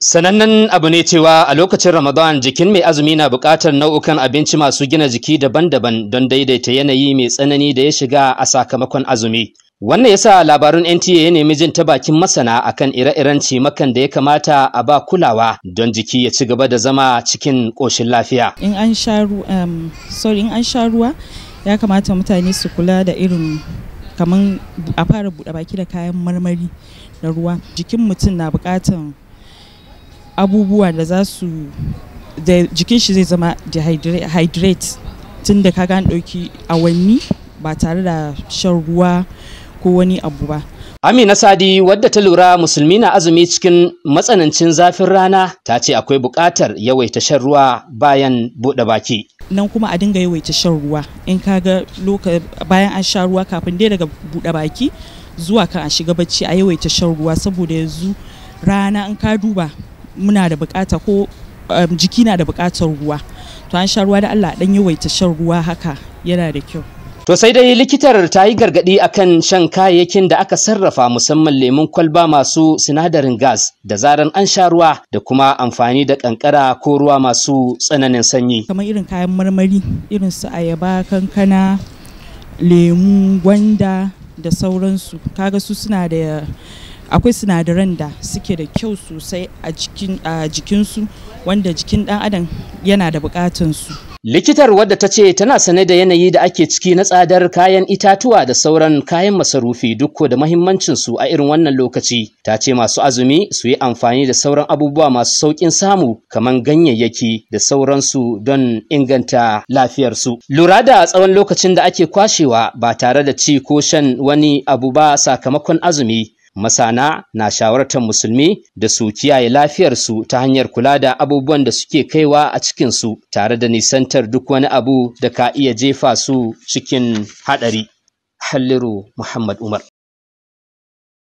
Sanannen abu ne cewa a lokacin Ramadan jikin mai azumi na buƙatar nau'ukan abinci masu gina jiki daban-daban don daidaita yanayi mai tsanani da ya shiga a sakamakon azumi. Wannan yasa labarun NTA ya nemi jin ta bakin masana akan ire-iren cimakan da ya kamata a ba kulawa don jiki ya ci gaba da zama cikin ƙoshin lafiya. In an sha um, sorry in an sha ruwa ya kamata mutane su kula da irin kamar a fara buɗe baki da kayan marmari da ruwa. Jikin mutum na buƙatar abubuwa da za su da jikin shi zai zama dehydrate tun da kaga an ɗauki awanni ba tare da shan ruwa ko wani abu ba Amina Sadi wadda ta lura musulmi na azumi cikin matsanancin zafin rana ta ce akwai buƙatar yawaita shan ruwa bayan buɗe baki. Nan kuma a dinga yawaita shan ruwa in kaga loka bayan an sha ruwa kafin dai daga buɗe baki zuwa kan a shiga bacci a yawaita shan ruwa saboda yanzu rana in ka duba muna da bukata ko um, jiki na da bukatar ruwa to an sha ruwa da Allah dan yawaita shan ruwa haka yana da kyau To sai dai likitar ta yi gargaɗi akan shan kayayyakin da aka sarrafa musamman lemun kwalba masu sinadarin gas da zaran an sha ruwa da kuma amfani da kankara ko ruwa masu tsananin sanyi. Kamar irin kayan marmari irin su ayaba, kankana, lemu, gwanda da sauransu. Kaga su suna da akwai sinadaran da suke da kyau sosai a jikinsu wanda jikin dan adam yana da su likitar wadda ta ce tana sane da yanayi da ake ciki na tsadar kayan itatuwa da sauran kayan masarufi duk da mahimmancinsu a irin wannan lokaci ta ce masu azumi su yi amfani da sauran abubuwa masu sauƙin samu kamar ganyayyaki da sauransu don inganta lafiyarsu lura da tsawon lokacin da ake kwashewa ba tare da ci ko shan wani abu ba sakamakon azumi masana na shawartar musulmi da su kiyaye su ta hanyar kula da abubuwan da suke kaiwa a cikin su tare da nisantar duk wani abu da ka iya jefa su cikin haɗari halliru muhammad umar